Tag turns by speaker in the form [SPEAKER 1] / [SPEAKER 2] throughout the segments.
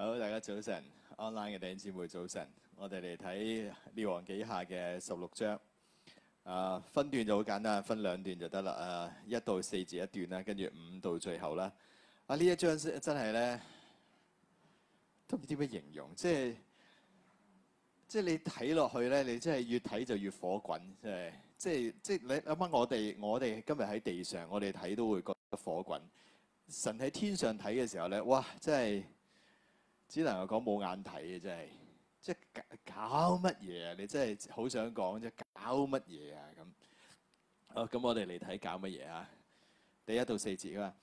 [SPEAKER 1] 好，大家早晨，online 嘅弟兄姊妹早晨。我哋嚟睇列王記下嘅十六章。啊，分段就好簡單，分兩段就得啦。啊，一到四字一段啦，跟住五到最後啦。啊，呢一張真真係咧，都唔知點樣形容。即係即係你睇落去咧，你真係越睇就越火滾，真係。即係即係你諗翻我哋，我哋今日喺地上，我哋睇都會覺得火滾。神喺天上睇嘅時候咧，哇，真係～只能係講冇眼睇嘅，真係即係搞乜嘢啊？你真係好想講啫，搞乜嘢啊？咁啊，咁我哋嚟睇搞乜嘢啊？第一到四節啊。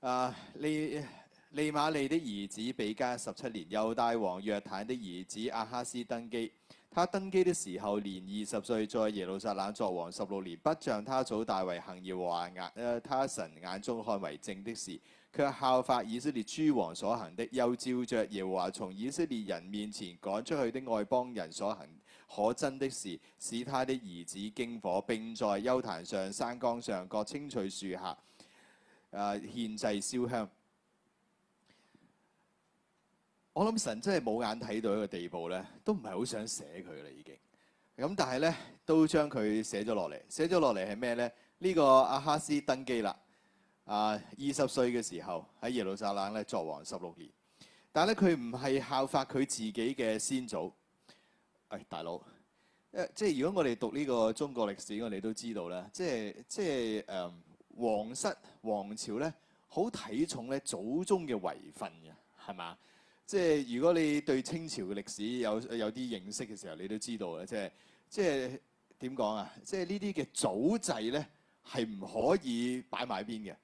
[SPEAKER 1] 啊，利利瑪利的兒子比加十七年，猶大王約坦的兒子阿哈斯登基。他登基的時候年二十歲，在耶路撒冷作王十六年，不像他祖大衛行，耶和華，呃，他神眼中看為正的事。卻效法以色列諸王所行的，又照著耶和華從以色列人面前趕出去的外邦人所行，可真的是使他的兒子經火。並在丘壇上、山崗上、各青翠樹下，誒，獻祭燒香。我諗神真係冇眼睇到一個地步咧，都唔係好想寫佢啦，已經。咁但係咧，都將佢寫咗落嚟，寫咗落嚟係咩呢？呢、呢個阿哈斯登基啦。啊！二十歲嘅時候喺耶路撒冷咧作王十六年，但係咧佢唔係效法佢自己嘅先祖。誒、哎，大佬，誒即係如果我哋讀呢個中國歷史，我哋都知道咧，即係即係誒皇室皇朝咧，好睇重咧祖宗嘅遺訓嘅，係嘛？即係如果你對清朝嘅歷史有有啲認識嘅時候，你都知道咧，即係即係點講啊？即係呢啲嘅祖制咧係唔可以擺埋邊嘅。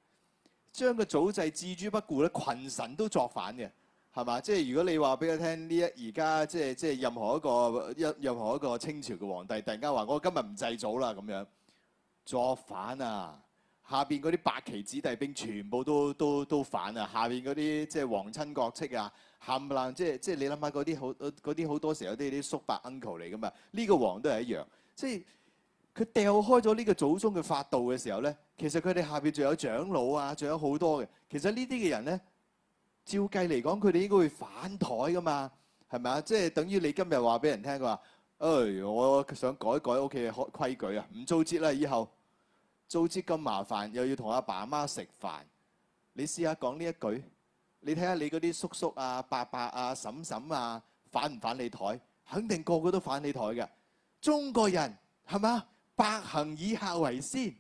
[SPEAKER 1] 將個祖制置諸不顧咧，群臣都作反嘅，係嘛？即係如果你話俾佢聽呢一而家，即係即係任何一個一任何一個清朝嘅皇帝，突然間話我今日唔祭祖啦咁樣，作反啊！下邊嗰啲八旗子弟兵全部都都都反啊！下邊嗰啲即係皇親國戚啊，冚唪唥即係即係你諗下嗰啲好啲好多時候有啲啲叔伯 uncle 嚟噶嘛？呢個王都係一樣，即係。佢掉開咗呢個祖宗嘅法度嘅時候咧，其實佢哋下邊仲有長老啊，仲有好多嘅。其實呢啲嘅人咧，照計嚟講，佢哋應該會反台㗎嘛，係咪啊？即係等於你今日話俾人聽，佢話：「唉，我想改一改屋企嘅規矩啊，唔做節啦，以後做節咁麻煩，又要同阿爸阿媽食飯。你試下講呢一句，你睇下你嗰啲叔叔啊、伯伯啊、嬸嬸啊，反唔反你台？肯定個個都反你台嘅。中國人係咪啊？百行以孝為先，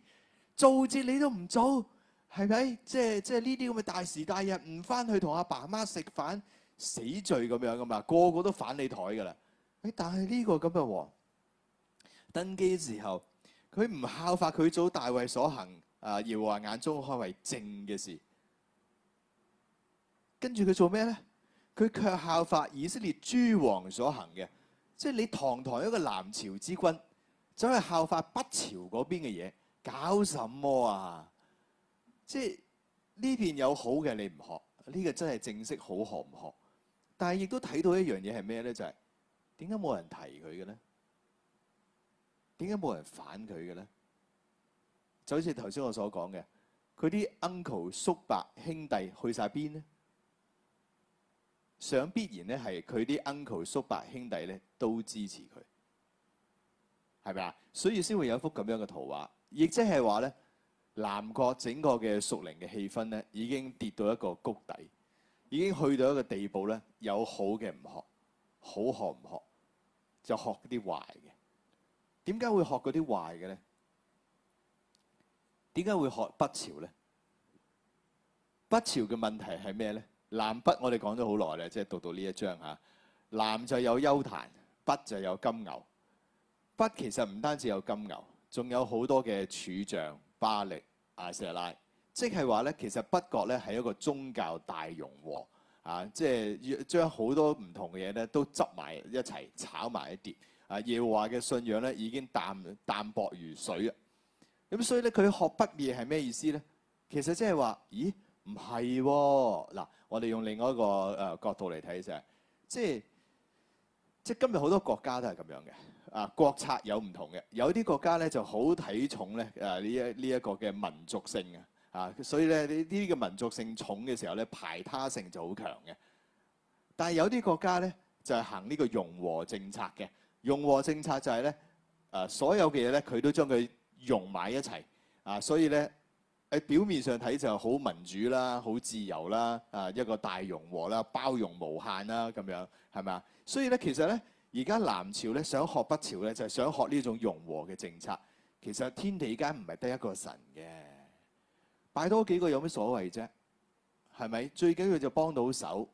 [SPEAKER 1] 做節你都唔做，係咪？即係即係呢啲咁嘅大時大日唔翻去同阿爸媽食飯，死罪咁樣噶嘛？個個都反你台噶啦！誒，但係呢個咁嘅王登基嘅時候，佢唔效法佢祖大衞所行啊，耶和華眼中看為正嘅事，跟住佢做咩咧？佢卻效法以色列諸王所行嘅，即係你堂堂一個南朝之君。走去效法北朝嗰邊嘅嘢，搞什麼啊？即係呢邊有好嘅，你唔學呢個真係正式好學唔學？但係亦都睇到一樣嘢係咩咧？就係點解冇人提佢嘅咧？點解冇人反佢嘅咧？就好似頭先我所講嘅，佢啲 uncle 叔伯兄弟去晒邊呢？想必然咧係佢啲 uncle 叔伯兄弟咧都支持佢。係咪啊？所以先會有一幅咁樣嘅圖畫，亦即係話咧，南國整個嘅屬靈嘅氣氛咧，已經跌到一個谷底，已經去到一個地步咧，有好嘅唔學，好學唔學就學啲壞嘅。點解會學嗰啲壞嘅咧？點解會學北朝咧？北朝嘅問題係咩咧？南北我哋講咗好耐啦，即係讀到呢一章嚇。南就有邱壇，北就有金牛。北其實唔單止有金牛，仲有好多嘅柱像巴力、亞舍拉，即係話咧，其實北國咧係一個宗教大融和，啊！即係要將好多唔同嘅嘢咧都執埋一齊炒埋一碟啊！耶和華嘅信仰咧已經淡淡薄如水啊！咁所以咧，佢學北嘢係咩意思咧？其實即係話，咦？唔係嗱，我哋用另外一個誒、呃、角度嚟睇就係，即係即係今日好多國家都係咁樣嘅。啊，國策有唔同嘅，有啲國家咧就好睇重咧啊呢一呢一個嘅民族性嘅，啊，所以咧呢啲嘅民族性重嘅時候咧排他性就好強嘅。但係有啲國家咧就係行呢個融和政策嘅，融和政策就係咧啊所有嘅嘢咧佢都將佢融埋一齊啊，所以咧，喺表面上睇就好民主啦、好自由啦、啊一個大融和啦、包容無限啦咁樣係咪啊？所以咧，其實咧。而家南朝咧想學北朝咧，就係、是、想學呢種融和嘅政策。其實天地間唔係得一個神嘅，拜多幾個有咩所謂啫？係咪？最緊要就幫到手，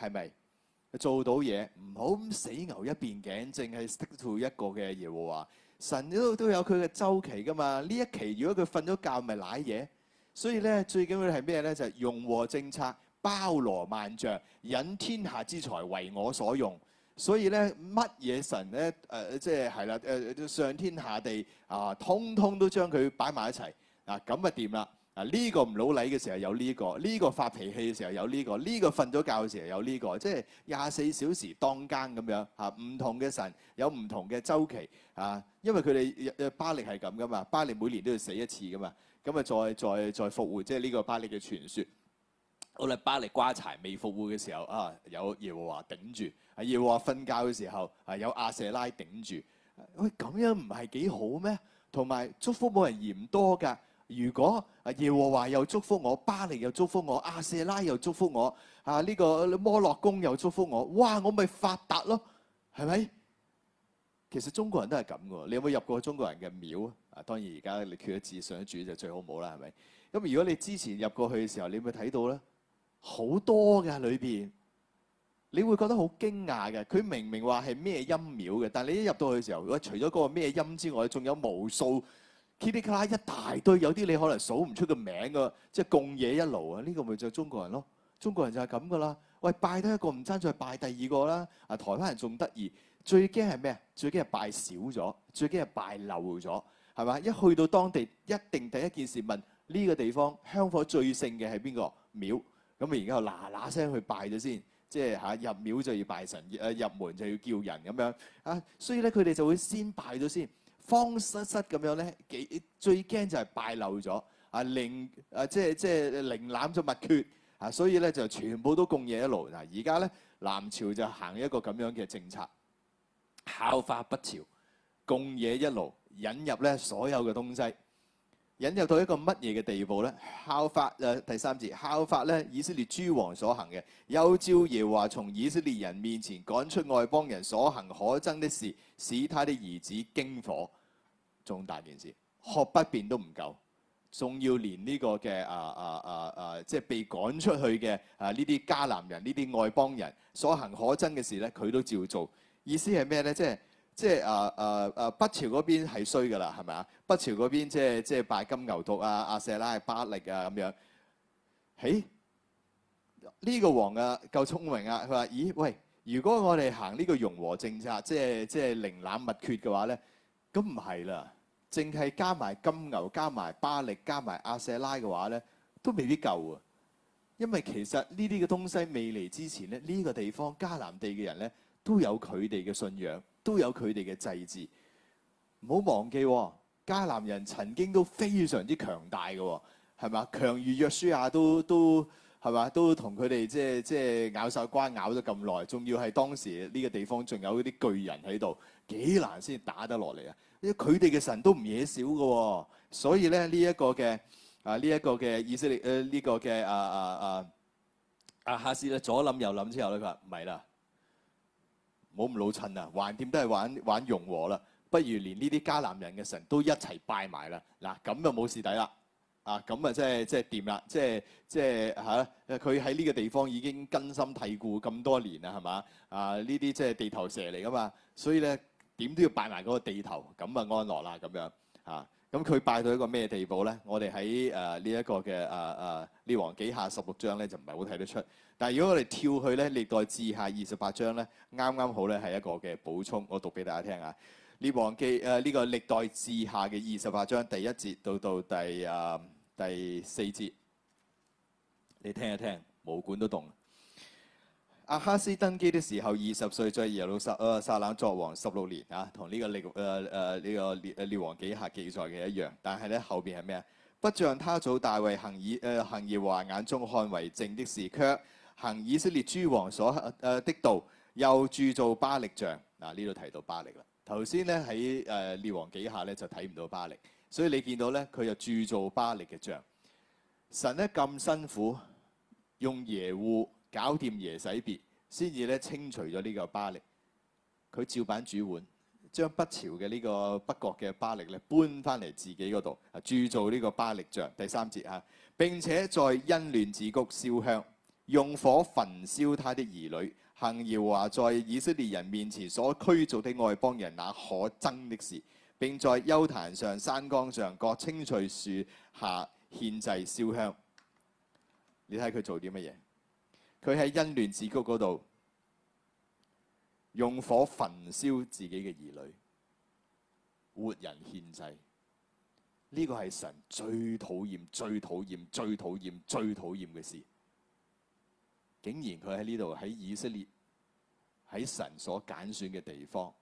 [SPEAKER 1] 係咪？做到嘢唔好咁死牛一邊頸，淨係 stick to 一個嘅耶和華。神都都有佢嘅周期噶嘛？呢一期如果佢瞓咗覺，咪賴嘢。所以咧，最緊要係咩咧？就是、融和政策包羅萬象，引天下之才為我所用。所以咧，乜嘢神咧、呃？即係係啦，誒，上天下地啊，通通都將佢擺埋一齊啊，咁咪掂啦！啊，呢個唔老禮嘅時候有呢個，呢個發脾氣嘅時候有呢個，呢個瞓咗覺嘅時候有呢個，即係廿四小時當更咁樣嚇、啊啊、唔同嘅神有唔同嘅周期、啊、因為佢哋巴力係咁噶嘛，巴力每年都要死一次噶嘛，咁、啊、咪再再再復活，即係呢個巴力嘅傳說。我哋巴力瓜柴未復活嘅時候啊，有耶和華頂住；啊耶和華瞓覺嘅時候，啊有亞舍拉頂住。喂、啊，咁樣唔係幾好咩？同埋祝福冇人嫌多㗎。如果耶和華又祝福我，巴力又祝福我，亞舍拉又祝福我，啊呢、呢個摩洛公又祝福我，哇！我咪發達咯，係咪？其實中國人都係咁㗎。你有冇入過中國人嘅廟啊？當然而家你決志信咗主就最好冇好啦，係咪？咁如果你之前入過去嘅時候，你有冇睇到咧？好多嘅裏邊，你會覺得好驚訝嘅。佢明明話係咩音廟嘅，但係你一入到去嘅時候，喂，除咗嗰個咩音之外，仲有無數，噼里克拉一大堆，有啲你可能數唔出個名嘅，即係共嘢一爐啊！呢個咪就係中國人咯，中國人就係咁嘅啦。喂，拜得一個唔爭，再拜第二個啦。啊，台灣人仲得意，最驚係咩啊？最驚係拜少咗，最驚係拜漏咗，係嘛？一去到當地，一定第一件事問呢個地方香火最盛嘅係邊個廟。廟咁而家就嗱嗱聲去拜咗先，即係嚇入廟就要拜神，誒入門就要叫人咁樣啊，所以咧佢哋就會先拜咗先，慌失失咁樣咧，幾最驚就係拜漏咗啊，寧啊即係即係寧濫咗莫缺啊，所以咧就全部都共冶一爐嗱，而家咧南朝就行一個咁樣嘅政策，效法北朝，共冶一爐引入咧所有嘅東西。引誘到一個乜嘢嘅地步咧？效法啊，第三節，效法咧以色列諸王所行嘅，又照耶和華，從以色列人面前趕出外邦人所行可憎的事，使他的兒子驚火。重大件事，學不變都唔夠，仲要連呢個嘅啊啊啊啊，即係被趕出去嘅啊呢啲迦南人呢啲外邦人所行可憎嘅事咧，佢都照做。意思係咩咧？即係。即係誒誒誒北朝嗰邊係衰㗎啦，係咪啊？北朝嗰邊即係即係拜金牛犢啊、阿舍拉、巴力啊咁樣。喺呢個王啊夠聰明啊，佢話：咦，喂，如果我哋行呢個融和政策，即係即係零攬密缺嘅話咧，咁唔係啦，淨係加埋金牛、加埋巴力、加埋阿舍拉嘅話咧，都未必夠啊。因為其實呢啲嘅東西未嚟之前咧，呢個地方迦南地嘅人咧都有佢哋嘅信仰。都有佢哋嘅祭祀，唔好忘記迦南人曾經都非常之強大嘅，係咪？強如約書亞都都係咪？都同佢哋即係即係咬手瓜咬咗咁耐，仲要係當時呢個地方仲有啲巨人喺度，幾難先打得落嚟啊！因為佢哋嘅神都唔惹少嘅，所以咧呢一個嘅啊呢一，這個嘅以色列誒呢個嘅啊，這個、啊啊亞哈斯咧左諗右諗之後咧，佢話唔係啦。唔好咁老襯啊！橫掂都係玩玩融和啦，不如連呢啲迦南人嘅神都一齊拜埋啦！嗱，咁就冇事底啦！啊，咁啊即係即係掂啦！即係即係嚇，佢喺呢個地方已經根深蒂固咁多年啦，係嘛？啊，呢啲即係地頭蛇嚟噶嘛，所以咧點都要拜埋嗰個地頭，咁啊安樂啦咁樣啊。咁佢拜到一個咩地步咧？我哋喺誒呢一個嘅誒誒列王紀下十六章咧就唔係好睇得出，但係如果我哋跳去咧歷代志下二十八章咧，啱啱好咧係一個嘅補充，我讀俾大家聽啊！列王紀誒呢個歷代志下嘅二十八章第一節到到第誒、呃、第四節，你聽一聽，毛管都動。阿哈斯登基的時候二十歲，在耶路撒撒冷作王十六年啊，同呢、這個歷誒誒呢個列列王紀下記載嘅一樣。但係咧後邊係咩啊？不像他祖大衛行以誒、呃、行耶和華眼中看為正的事，卻行以色列諸王所誒、呃、的道，又鑄造巴力像。嗱呢度提到巴力啦。頭先咧喺誒列王紀下咧就睇唔到巴力，所以你見到咧佢又鑄造巴力嘅像。神咧咁辛苦用耶戶。搞掂耶洗別，先至咧清除咗呢個巴力。佢照板煮碗，將北朝嘅呢個北國嘅巴力咧搬翻嚟自己嗰度，鑄造呢個巴力像。第三節啊，並且在欣嫩子谷燒香，用火焚燒他的兒女。行耶和華在以色列人面前所驅逐的外邦人那可憎的事。並在丘壇上、山崗上、各青翠樹下獻祭燒香。你睇佢做啲乜嘢？佢喺欣嫩子谷嗰度，用火焚燒自己嘅兒女，活人獻祭，呢個係神最討厭、最討厭、最討厭、最討厭嘅事。竟然佢喺呢度喺以色列，喺神所揀選嘅地方，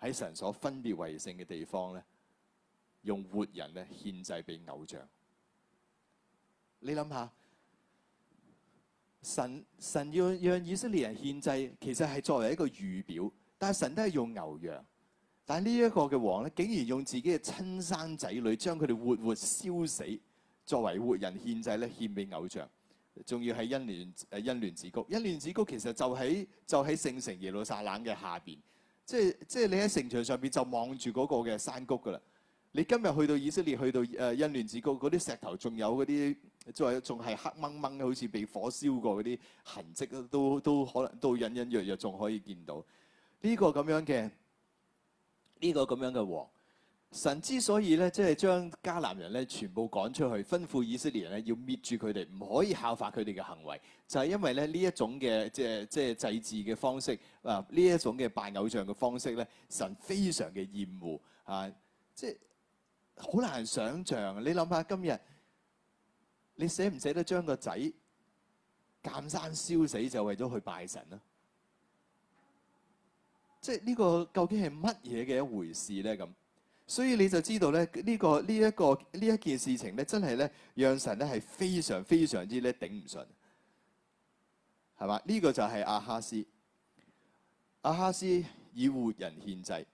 [SPEAKER 1] 喺神所分別為聖嘅地方咧，用活人咧獻祭俾偶像。你諗下。神神要讓以色列人獻祭，其實係作為一個預表，但係神都係用牛羊。但係呢一個嘅王咧，竟然用自己嘅親生仔女將佢哋活活燒死，作為活人獻祭咧，獻畀偶像，仲要喺欣嫩誒欣嫩子谷。欣嫩子谷其實就喺就喺聖城耶路撒冷嘅下邊，即係即係你喺城牆上邊就望住嗰個嘅山谷㗎喇。你今日去到以色列，去到誒欣嫩子谷，嗰啲石頭仲有嗰啲。仲係黑掹掹，好似被火燒過嗰啲痕跡，都都可能都隱隱約約仲可以見到。呢個咁樣嘅，呢個咁樣嘅王，神之所以咧，即係將迦南人咧全部趕出去，吩咐以色列人咧要滅住佢哋，唔可以效法佢哋嘅行為，就係因為咧呢一種嘅即係即係祭祀嘅方式，啊呢一種嘅拜偶像嘅方式咧，神非常嘅厭惡啊，即係好難想像。你諗下今日。你捨唔捨得將個仔監生燒死，就為咗去拜神啦？即係呢個究竟係乜嘢嘅一回事咧？咁所以你就知道咧，這個，呢、這個呢一、這個呢一件事情咧，真係咧讓神咧係非常非常之咧頂唔順，係嘛？呢、這個就係阿哈斯，阿哈斯以活人獻祭。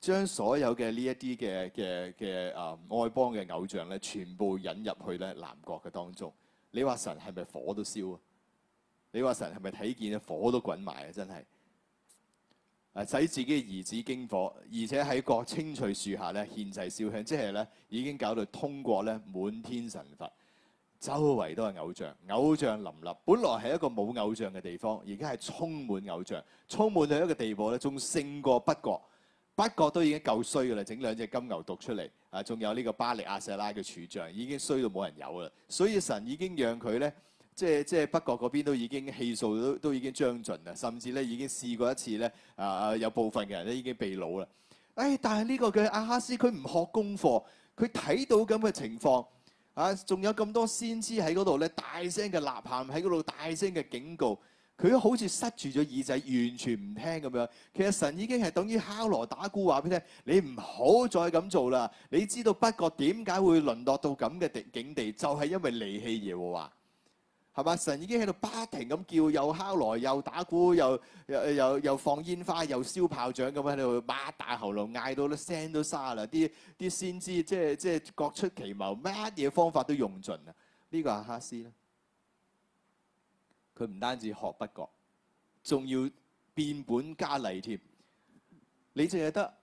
[SPEAKER 1] 將所有嘅呢一啲嘅嘅嘅啊，愛、嗯、邦嘅偶像咧，全部引入去咧南國嘅當中。你話神係咪火都燒啊？你話神係咪睇見啊火都滾埋啊？真係啊，使自己嘅兒子經火，而且喺各青翠樹下咧獻祭燒香，即係咧已經搞到通過咧滿天神佛，周圍都係偶像，偶像林立。本來係一個冇偶像嘅地方，而家係充滿偶像，充滿到一個地步咧，仲勝過北國。北國都已經夠衰噶啦，整兩隻金牛犢出嚟，啊，仲有呢個巴力亞舍拉嘅柱像，已經衰到冇人有啦。所以神已經讓佢咧，即係即係北國嗰邊都已經氣數都都已經將盡啦，甚至咧已經試過一次咧，啊，有部分嘅人都已經被擄啦。誒、哎，但係呢個嘅亞哈斯，佢唔學功課，佢睇到咁嘅情況，啊，仲有咁多先知喺嗰度咧，大聲嘅吶喊喺嗰度，喺嗰度大聲嘅警告。佢好似塞住咗耳仔，完全唔聽咁樣。其實神已經係等於敲鑼打鼓話俾你聽，你唔好再咁做啦。你知道北國點解會淪落到咁嘅地境地，就係因為離棄耶和華，係嘛？神已經喺度不停咁叫，又敲鑼，又打鼓，又又又又放煙花，又燒炮仗咁喺度，擘大喉嚨嗌到粒聲都沙啦。啲啲先知即係即係各出奇謀，乜嘢方法都用盡啦。呢個係亞哈斯啦。佢唔單止學不覺，仲要變本加厲添。你淨係得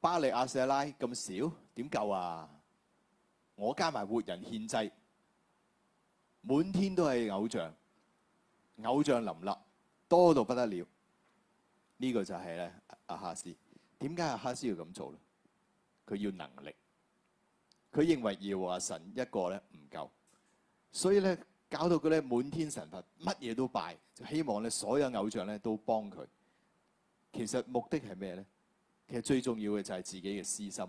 [SPEAKER 1] 巴力、亞舍拉咁少，點夠啊？我加埋活人獻祭，滿天都係偶像，偶像林立，多到不得了。呢個就係咧阿哈斯。點解阿哈斯要咁做咧？佢要能力。佢認為要阿神一個咧唔夠，所以咧。搞到佢咧滿天神佛，乜嘢都拜，就希望咧所有偶像咧都幫佢。其實目的係咩咧？其實最重要嘅就係自己嘅私心，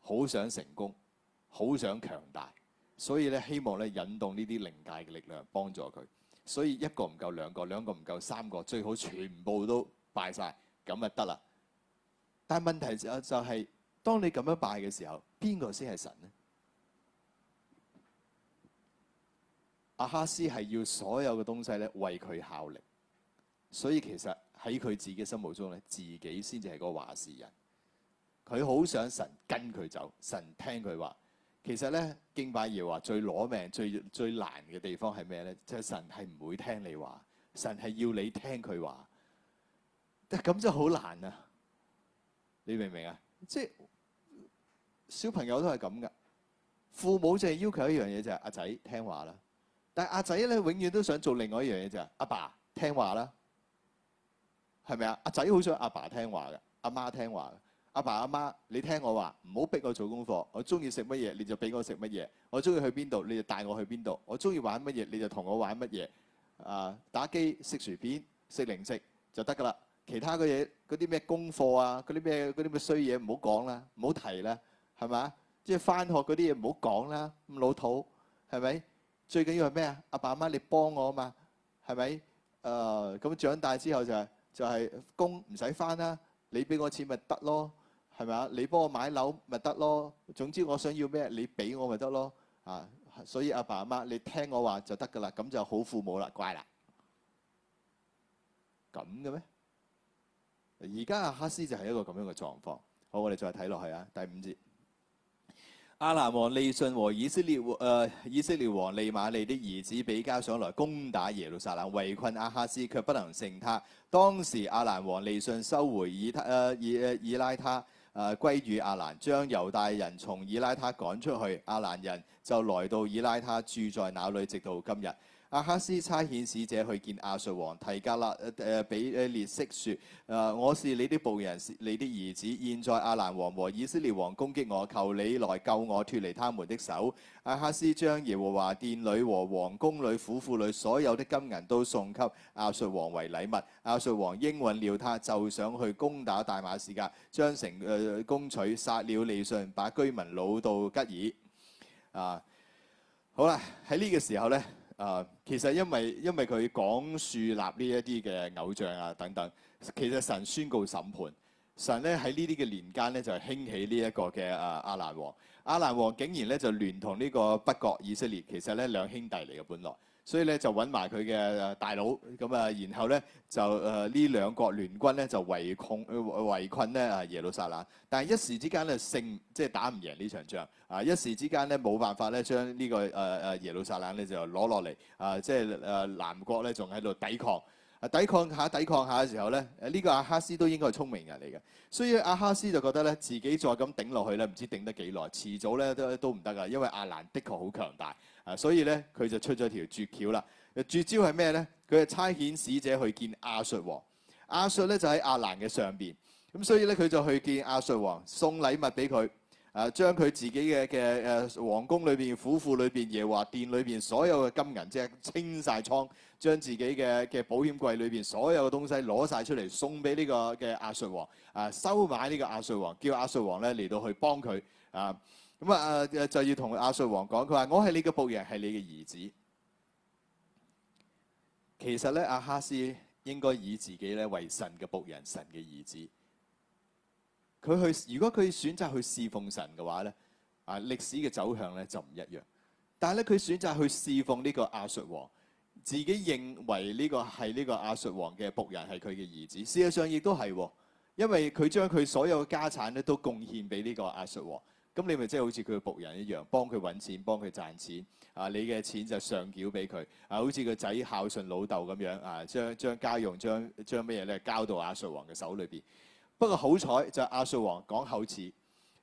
[SPEAKER 1] 好想成功，好想強大，所以咧希望咧引動呢啲靈界嘅力量幫助佢。所以一個唔夠兩個，兩個唔夠三個，最好全部都拜晒，咁啊得啦。但係問題就就係，當你咁樣拜嘅時候，邊個先係神咧？阿哈斯係要所有嘅東西咧為佢效力，所以其實喺佢自己的心目中咧，自己先至係個話事人。佢好想神跟佢走，神聽佢話。其實咧，敬拜義話最攞命、最最難嘅地方係咩咧？即係神係唔會聽你話，神係要你聽佢話。但係咁好難啊！你明唔明啊？即係小朋友都係咁噶，父母淨係要求一樣嘢就係阿仔聽話啦。但阿仔咧，永遠都想做另外一樣嘢啫。阿爸聽話啦，係咪啊？阿仔好想阿爸聽話嘅，阿媽聽話嘅。阿爸阿媽，你聽我話，唔好逼我做功課。我中意食乜嘢，你就俾我食乜嘢。我中意去邊度，你就帶我去邊度。我中意玩乜嘢，你就同我玩乜嘢。啊，打機、食薯片、食零食就得噶啦。其他嘅嘢，嗰啲咩功課啊，嗰啲咩啲咩衰嘢，唔好講啦，唔好提啦，係咪啊？即係翻學嗰啲嘢唔好講啦，咁老土係咪？最緊要係咩啊？阿爸阿媽，你幫我啊嘛，係咪？誒咁長大之後就係就係工唔使翻啦，你俾我錢咪得咯，係咪啊？你幫我買樓咪得咯，總之我想要咩，你俾我咪得咯。啊，所以阿爸阿媽，你聽我話就得噶啦，咁就好父母啦，乖啦。咁嘅咩？而家亞哈斯就係一個咁樣嘅狀況。好，我哋再睇落去啊，第五節。亞蘭王利汛和以色列王誒、呃、以色列王利瑪利的兒子比加上來攻打耶路撒冷，圍困亞哈斯，卻不能勝他。當時亞蘭王利汛收回以誒誒拉他誒歸於亞蘭，將猶大人從以拉他趕、呃、出去，亞蘭人就來到以拉他住在那裡，直到今日。阿哈斯差遣使者去見亞述王提加勒，誒、呃、俾、呃、列色説、呃：我是你的僕人，是你的兒子。現在阿蘭王和以色列王攻擊我，求你來救我，脱離他們的手。阿哈斯將耶和華殿裏和王宮裏府庫裏所有的金銀都送給亞述王為禮物。亞述王應允了他，就想去攻打大馬士革，將城誒攻取，殺了李信，把居民老到吉爾。啊，好啦，喺呢個時候咧。啊、uh，其實因為因為佢講樹立呢一啲嘅偶像啊等等，其實神宣告審判，神咧喺呢啲嘅年間咧就係興起呢一個嘅啊亞蘭王，亞蘭王竟然咧就聯同呢個北國以色列，其實咧兩兄弟嚟嘅本來。所以咧就揾埋佢嘅大佬，咁啊，然後咧就呢兩國聯軍咧就圍困、圍困咧耶路撒冷，但係一時之間咧勝，即係打唔贏呢場仗，啊一時之間咧冇辦法咧將呢個耶路撒冷咧就攞落嚟，啊即係南國咧仲喺度抵抗。抵抗下、抵抗下嘅時候咧，誒、這、呢個亞哈斯都應該係聰明人嚟嘅，所以亞哈斯就覺得咧，自己再咁頂落去咧，唔知頂得幾耐，遲早咧都都唔得噶，因為亞蘭的確好強大，啊，所以咧佢就出咗條絕橋啦。絕招係咩咧？佢係差遣使者去見亞述王，亞述咧就喺亞蘭嘅上邊，咁所以咧佢就去見亞述王，送禮物俾佢，誒將佢自己嘅嘅誒王宮裏邊、府庫裏邊、耶和華殿裏邊所有嘅金銀即係清晒倉。將自己嘅嘅保險櫃裏邊所有嘅東西攞晒出嚟，送俾呢個嘅亞述王啊，收買呢個亞述王，叫亞述王咧嚟到去幫佢啊。咁啊啊，就要同亞述王講，佢話我係你嘅僕人，係你嘅兒子。其實咧，亞哈斯應該以自己咧為神嘅僕人，神嘅兒子。佢去，如果佢選擇去侍奉神嘅話咧，啊，歷史嘅走向咧就唔一樣。但係咧，佢選擇去侍奉呢個亞述王。自己認為呢個係呢個阿術王嘅僕人，係佢嘅兒子，事實上亦都係喎，因為佢將佢所有家產咧都貢獻俾呢個阿術王，咁你咪即係好似佢嘅僕人一樣，幫佢揾錢，幫佢賺錢，啊，你嘅錢就上繳俾佢，啊，好似個仔孝順老豆咁樣，啊，將將家用將將咩咧交到阿術王嘅手裏邊。不過好彩就阿術王講口齒。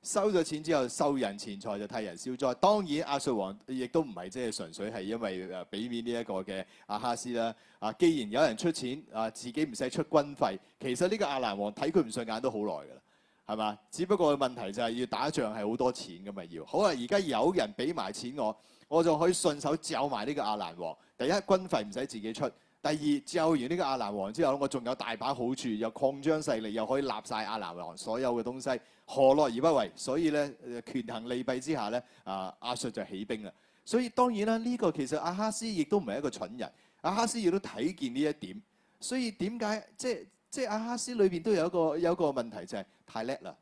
[SPEAKER 1] 收咗錢之後收人錢財就替人消災，當然亞述王亦都唔係即係純粹係因為誒俾面呢一個嘅亞哈斯啦。啊，既然有人出錢，啊，自己唔使出軍費，其實呢個亞蘭王睇佢唔順眼都好耐噶啦，係嘛？只不過問題就係、是、要打仗係好多錢咁咪要。好啦，而家有人俾埋錢我，我就可以順手找埋呢個亞蘭王。第一軍費唔使自己出。第二，召完呢個亞蘭王之後，我仲有大把好處，又擴張勢力，又可以立晒亞蘭王所有嘅東西，何樂而不為？所以咧，權衡利弊之下咧，啊，亞述就起兵啦。所以當然啦，呢、這個其實阿哈斯亦都唔係一個蠢人，阿哈斯亦都睇見呢一點。所以點解即係即係阿哈斯裏邊都有一個有一個問題，就係、是、太叻啦。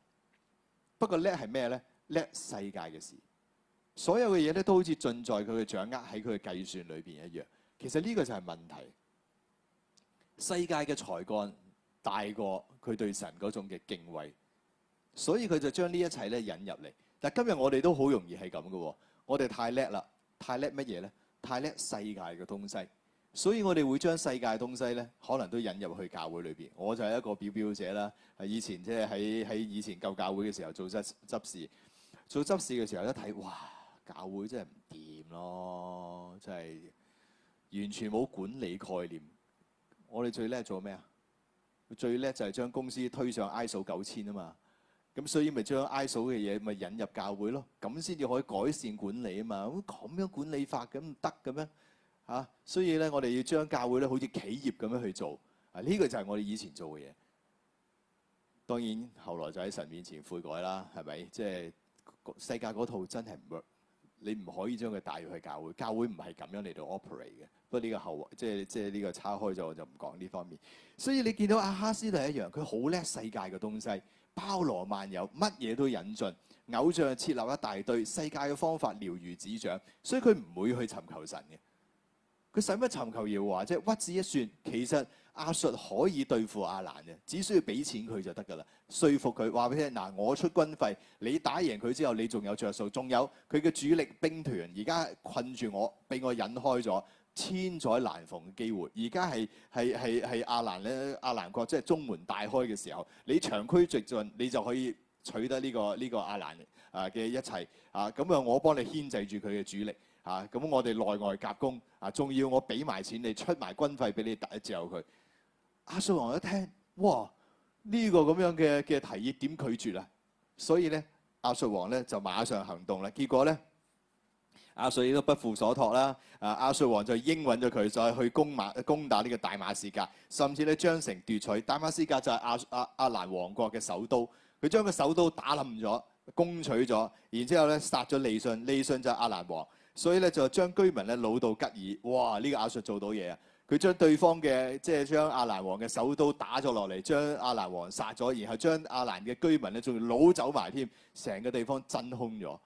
[SPEAKER 1] 不過叻係咩咧？叻世界嘅事，所有嘅嘢咧都好似盡在佢嘅掌握喺佢嘅計算裏邊一樣。其實呢個就係問題。世界嘅才幹大過佢對神嗰種嘅敬畏，所以佢就將呢一切咧引入嚟。但今日我哋都好容易係咁嘅喎，我哋太叻啦，太叻乜嘢咧？太叻世界嘅東西，所以我哋會將世界嘅東西咧，可能都引入去教會裏邊。我就係一個表表者啦，以前即係喺喺以前舊教會嘅時候做執執事，做執事嘅時候一睇，嘩，教會真係唔掂咯，真係完全冇管理概念。我哋最叻做咩啊？最叻就係將公司推上 I 數九千啊嘛，咁所以咪將 I 數嘅嘢咪引入教會咯，咁先至可以改善管理啊嘛。咁咁樣管理法咁唔得嘅咩？嚇，所以咧我哋要將教會咧好似企業咁樣去做啊！呢、這個就係我哋以前做嘅嘢。當然後來就喺神面前悔改啦，係咪？即、就、係、是、世界嗰套真係唔 work。你唔可以將佢帶入去教會，教會唔係咁樣嚟到 operate 嘅。不過呢個後，即係即係呢個岔開咗，我就唔講呢方面。所以你見到阿哈斯都係一樣，佢好叻世界嘅東西，包羅萬有，乜嘢都引進，偶像設立一大堆，世界嘅方法了如指掌，所以佢唔會去尋求神嘅。佢使乜尋求耶和華？即係屈指一算，其實。阿術可以對付阿蘭嘅，只需要俾錢佢就得㗎啦。說服佢話俾佢聽，嗱，我出軍費，你打贏佢之後，你仲有着數。仲有佢嘅主力兵團，而家困住我，俾我引開咗，千載難逢嘅機會。而家係係係係阿蘭咧，阿蘭國即係中門大開嘅時候，你長驅直進，你就可以取得呢個呢個阿蘭啊嘅一切。啊。咁啊，我幫你牽制住佢嘅主力啊。咁我哋內外夾攻啊，仲要我俾埋錢，你出埋軍費俾你打自由佢。亞述王一聽，哇！呢、這個咁樣嘅嘅、這個、提議點拒絕啊？所以咧，亞述王咧就馬上行動啦。結果咧，亞述都不負所託啦。啊，亞述王就應允咗佢，再去攻馬攻打呢個大馬士革，甚至咧將城奪取。大馬士革就係亞亞亞蘭王國嘅首都，佢將個首都打冧咗，攻取咗，然之後咧殺咗利汛，利汛就係亞蘭王，所以咧就將居民咧老到吉珥。哇！呢、這個亞述做到嘢啊！佢將對方嘅即係將亞蘭王嘅首都打咗落嚟，將亞蘭王殺咗，然後將亞蘭嘅居民咧仲擄走埋添，成個地方真空咗。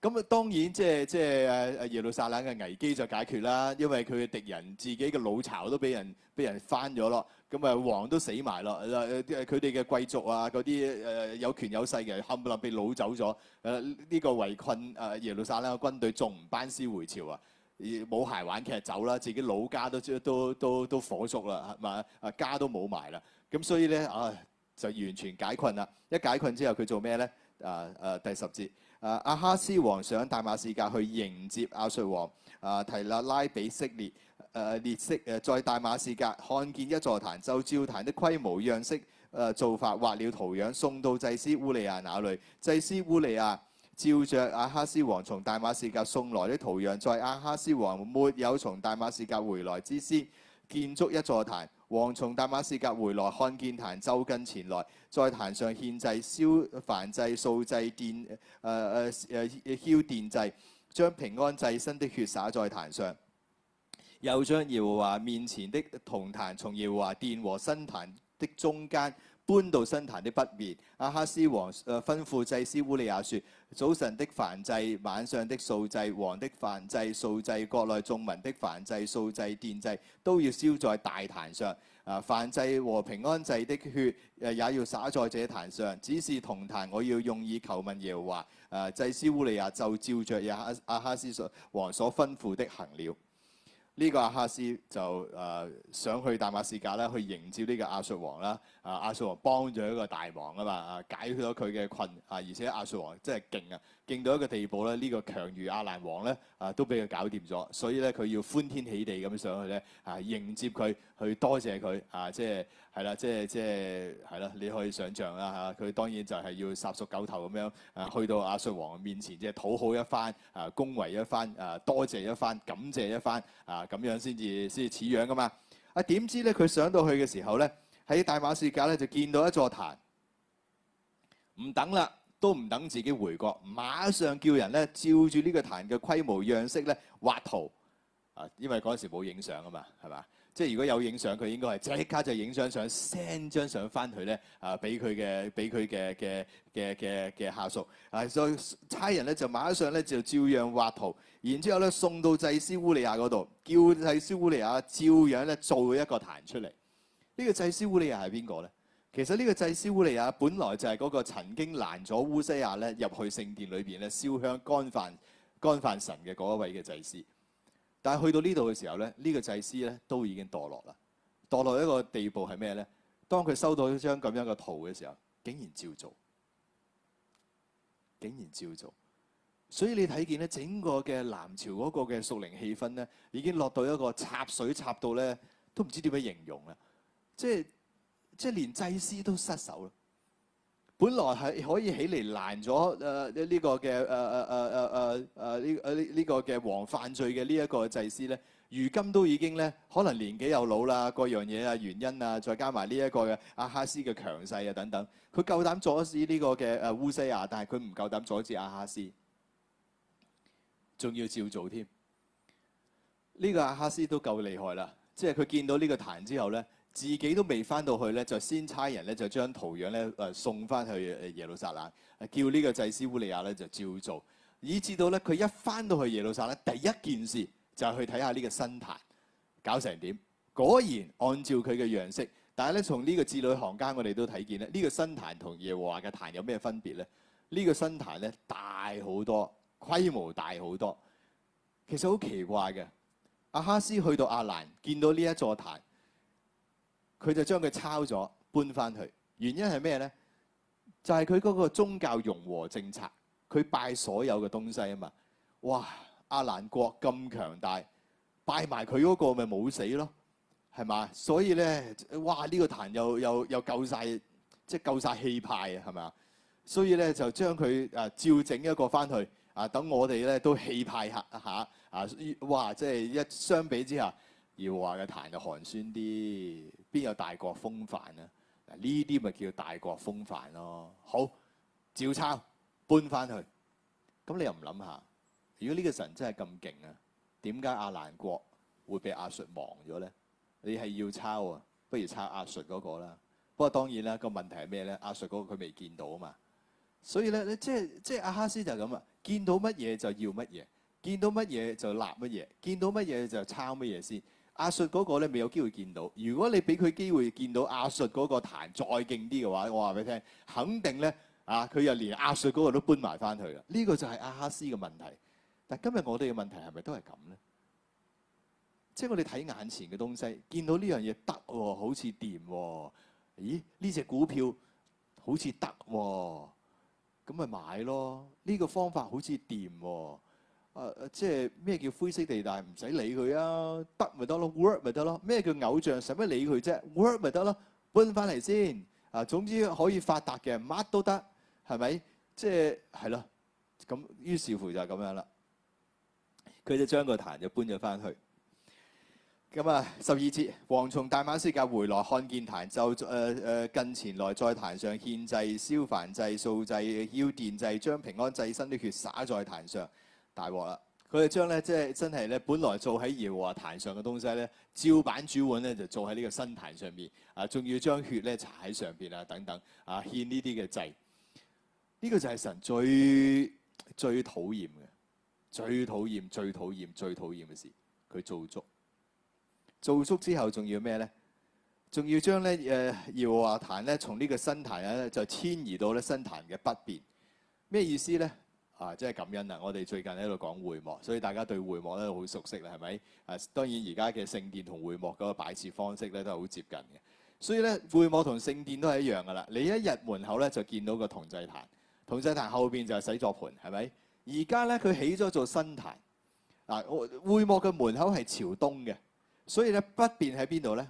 [SPEAKER 1] 咁啊當然即係即係啊耶路撒冷嘅危機就解決啦，因為佢嘅敵人自己嘅老巢都俾人俾人翻咗咯。咁啊王都死埋咯，佢哋嘅貴族啊嗰啲誒有權有勢嘅冚唪唥被擄走咗。誒、這、呢個圍困耶路撒冷嘅軍隊仲唔班師回朝啊？冇鞋玩劇走啦，自己老家都都都都火燭啦，係嘛？啊家都冇埋啦，咁所以咧啊，就完全解困啦。一解困之後，佢做咩咧？啊啊第十節，啊哈斯王上大馬士革去迎接亞述王，啊提勒拉，拉比色列，誒、啊、列色誒在、啊、大馬士革看見一座壇，就照壇的規模樣式誒、啊、做法畫了圖樣，送到祭司烏利亞那裏，祭司烏利亞。照着阿哈斯王從大馬士革送來的圖樣，在阿哈斯王沒有從大馬士革回來之時，建築一座壇。王從大馬士革回來，看見壇，周近前來，在壇上獻祭，燒燔祭、素祭、奠誒誒誒燒奠祭，將平安祭身的血灑在壇上，又將耶和華面前的銅壇從耶和華殿和新壇的中間。搬到新壇的北面，阿哈斯王誒吩咐祭司烏利亞説：早晨的燔祭、晚上的素祭、王的燔祭、素祭、國內眾民的燔祭、素祭、奠祭都要燒在大壇上。啊，燔祭和平安祭的血誒也要灑在這壇上。只是同壇，我要用以求問耶和華。啊，祭司烏利亞就照着阿哈阿哈斯王所吩咐的行了。呢個阿哈斯就誒想去大馬士革啦，去迎接呢個亞述王啦。啊，亞述王幫咗一個大忙啊嘛，解決咗佢嘅困啊，而且亞述王真係勁啊！勁到一個地步咧，呢、呢個強如亞蘭王咧，啊都俾佢搞掂咗，所以咧佢要歡天喜地咁上去咧，啊迎接佢，去多謝佢，啊即係係啦，即係即係係啦，你可以想象啦嚇，佢、啊、當然就係要殺熟九頭咁樣，啊去到亞述王面前，即、啊、係討好一番，啊恭維一番，啊多謝一番，感謝一番，啊咁樣先至先至似樣噶嘛。啊點知咧佢上到去嘅時候咧，喺大馬士革咧就見到一座壇，唔等啦。都唔等自己回國，馬上叫人咧照住呢個壇嘅規模樣式咧畫圖。啊，因為嗰陣時冇影相啊嘛，係嘛？即係如果有影相，佢應該係即刻就影張相，send 張相翻去咧啊，俾佢嘅俾佢嘅嘅嘅嘅嘅下屬啊，所以差人咧就馬上咧就照樣畫圖，然之後咧送到祭司烏利亞嗰度，叫祭司烏利亞照樣咧做一個壇出嚟。呢個祭司烏利亞係邊個咧？其實呢個祭司烏利亞，本來就係嗰個曾經攔咗烏西亞咧入去聖殿裏邊咧燒香干犯、干犯、干犯神嘅嗰一位嘅祭司。但係去到呢度嘅時候咧，呢、呢個祭司咧都已經墮落啦。墮落一個地步係咩咧？當佢收到一張咁樣嘅圖嘅時候，竟然照做，竟然照做。所以你睇見咧，整個嘅南朝嗰個嘅屬靈氣氛咧，已經落到一個插水插到咧都唔知點樣形容啦，即係。即係連祭司都失手啦！本來係可以起嚟攔咗誒呢個嘅誒誒誒誒誒誒呢誒呢呢個嘅王犯罪嘅呢一個祭司咧，如今都已經咧可能年紀又老啦，各樣嘢啊原因啊，再加埋呢一個嘅阿哈斯嘅強勢啊等等，佢夠膽阻止呢個嘅誒烏西亞，但係佢唔夠膽阻止阿哈斯，仲要照做添。呢個阿哈斯都夠厲害啦！即係佢見到呢個壇之後咧。自己都未翻到去咧，就先差人咧就將圖樣咧誒送翻去耶路撒冷，叫呢個祭司烏利亞咧就照做。以至他一回到咧，佢一翻到去耶路撒咧，第一件事就係去睇下呢個新壇搞成點。果然按照佢嘅樣式，但係咧從呢個字女行間，我哋都睇見咧，呢個新壇同耶和華嘅壇有咩分別咧？呢、這個新壇咧大好多，規模大好多。其實好奇怪嘅，阿哈斯去到阿蘭見到呢一座壇。佢就將佢抄咗搬翻去，原因係咩咧？就係佢嗰個宗教融合政策，佢拜所有嘅東西啊嘛。哇！阿蘭國咁強大，拜埋佢嗰個咪冇死咯，係嘛？所以咧，哇！呢個壇又又又夠晒，即係夠曬氣派啊，係咪啊？所以咧就將佢誒照整一個翻去啊，等我哋咧都氣派下一下啊！哇！即係一相比之下，耀華嘅壇就寒酸啲。邊有大國風範呢？嗱，呢啲咪叫大國風範咯。好，照抄搬翻去。咁你又唔諗下？如果呢個神真係咁勁啊，點解亞蘭國會被亞述亡咗咧？你係要抄啊？不如抄亞述嗰個啦。不過當然啦，個問題係咩咧？亞述嗰個佢未見到啊嘛。所以咧，你即係即係亞哈斯就咁啊！見到乜嘢就要乜嘢，見到乜嘢就立乜嘢，見到乜嘢就抄乜嘢先。亞述嗰個咧未有機會見到，如果你俾佢機會見到亞述嗰個壇再勁啲嘅話，我話俾你聽，肯定咧啊，佢又連亞述嗰個都搬埋返去啦。呢、這個就係亞哈斯嘅問題。但今日我哋嘅問題係咪都係咁咧？即、就、係、是、我哋睇眼前嘅東西，見到呢樣嘢得喎，好似掂喎，咦？呢隻股票好似得喎，咁咪買咯？呢、這個方法好似掂喎。誒、呃、即係咩叫灰色地帶？唔使理佢啊，得咪得咯，work 咪得咯。咩叫偶像？使乜理佢啫？work 咪得咯，搬翻嚟先。啊、呃，總之可以發達嘅，乜都得，係咪？即係係咯。咁於是乎就係咁樣啦。佢就將個壇就搬咗翻去。咁啊，十二節，王從大馬士革回來，看見壇就誒誒、呃呃、近前來在壇，在壇上獻祭、燒燔祭、素祭，祭、要奠祭，將平安祭身啲血灑在壇上。大鑊啦！佢哋將咧即係真係咧，本來做喺耶和華壇上嘅東西咧，照版煮碗咧就做喺呢個新壇上邊啊！仲要將血咧搽喺上邊啊，等等啊，獻呢啲嘅祭。呢個就係神最最討厭嘅、最討厭、最討厭、最討厭嘅事。佢做足，做足之後仲要咩咧？仲要將咧誒耶和華壇咧從呢個新壇咧就遷移到咧新壇嘅北邊。咩意思咧？啊，即係感恩啦！我哋最近喺度講會幕，所以大家對會幕咧好熟悉啦，係咪？啊，當然而家嘅聖殿同會幕嗰個擺設方式咧都係好接近嘅。所以咧，會幕同聖殿都係一樣噶啦。你一入門口咧就見到一個銅製壇，銅製壇後邊就係洗濯盤，係咪？而家咧佢起咗座新壇。嗱、呃，會幕嘅門口係朝東嘅，所以咧北邊喺邊度咧？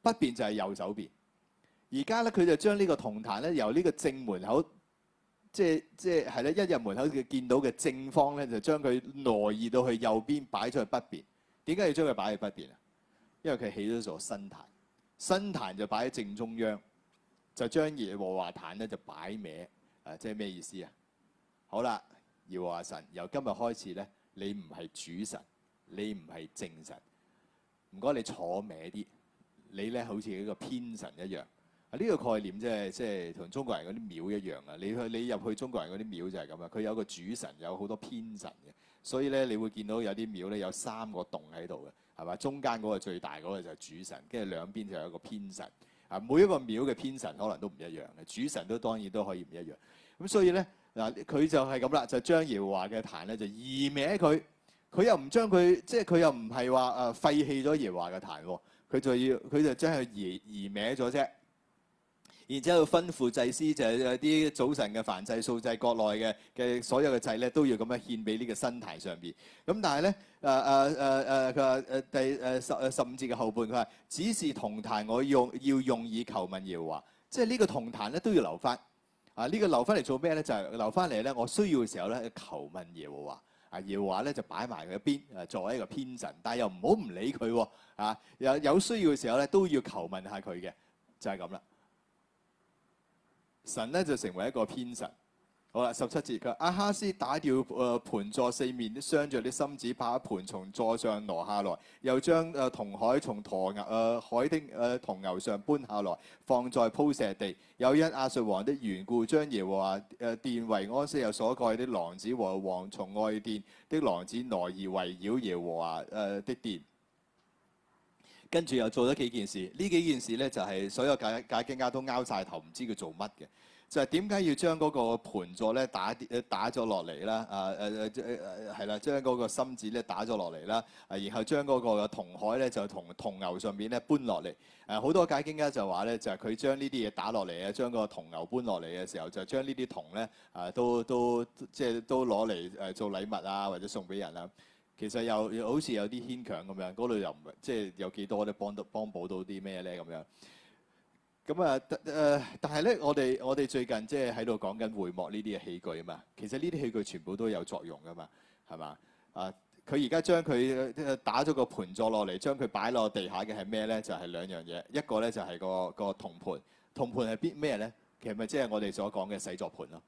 [SPEAKER 1] 北邊就係右手邊。而家咧佢就將呢個銅壇咧由呢個正門口。即係即係係啦！一入門口佢見到嘅正方咧，就將佢挪移到去右邊擺咗喺北邊。點解要將佢擺喺北邊啊？因為佢起咗座新壇，新壇就擺喺正中央，就將耶和華壇咧就擺歪。啊，即係咩意思啊？好啦，耶和華神由今日開始咧，你唔係主神，你唔係正神，唔該你坐歪啲，你咧好似一個偏神一樣。呢個概念即係即係同中國人嗰啲廟一樣啊！你去你入去中國人嗰啲廟就係咁啊，佢有個主神，有好多偏神嘅，所以咧你會見到有啲廟咧有三個洞喺度嘅，係嘛？中間嗰個最大嗰個就係主神，跟住兩邊就有一個偏神啊。每一個廟嘅偏神可能都唔一樣嘅，主神都當然都可以唔一樣咁。所以咧嗱，佢就係咁啦，就將耶華嘅壇咧就移歪佢，佢又唔將佢即係佢又唔係話誒廢棄咗耶華嘅壇，佢就要佢就將佢移移歪咗啫。然之後吩咐祭司，就係啲早晨嘅凡祭、素祭、國內嘅嘅所有嘅祭咧，都要咁樣獻俾呢個新壇上邊。咁但係咧，誒誒誒誒佢話誒第誒十誒十五節嘅後半，佢話指示同壇我用要，要用以求問耶和華，即係呢個同壇咧都要留翻啊。呢、這個留翻嚟做咩咧？就係、是、留翻嚟咧，我需要嘅時候咧求問耶和華啊。耶和華咧就擺埋佢一邊啊，作為一個偏神，但係又唔好唔理佢啊。有有需要嘅時候咧，都要求問下佢嘅，就係咁啦。神咧就成為一個偏神。好啦，十七節阿哈斯打掉誒盤座四面着的鑲著心子，把盤從座上挪下來，又將銅、呃、海從駝牛海的誒銅牛上搬下來，放在鋪石地。又因亞述王的緣故將，將耶和華殿為安息有所蓋的狼子和王從外殿的狼子來而圍繞耶和華、呃、的殿。跟住又做咗幾件事，呢幾件事咧就係所有解解經家都拗晒頭，唔知佢做乜嘅。就係點解要將嗰個盤座咧打啲打咗落嚟啦？啊誒誒誒係啦，將、啊、嗰、啊、個心子咧打咗落嚟啦，然後將嗰個銅海咧就同銅牛上邊咧搬落嚟。誒、啊、好多解經家就話咧、啊，就係佢將呢啲嘢打落嚟啊，將個銅牛搬落嚟嘅時候，就將呢啲銅咧啊都都即係都攞嚟誒做禮物啊，或者送俾人啦、啊。其實又又好似有啲牽強咁樣，嗰度又唔係即係有幾多咧？幫到幫補到啲咩咧？咁樣咁啊誒，但係咧，我哋我哋最近即係喺度講緊回幕呢啲嘢器具啊嘛。其實呢啲器具全部都有作用噶嘛，係嘛啊？佢而家將佢打咗個盤座落嚟，將佢擺落地下嘅係咩咧？就係、是、兩樣嘢，一個咧就係個個銅盤，銅盤係啲咩咧？其實咪即係我哋所講嘅洗作盤咯。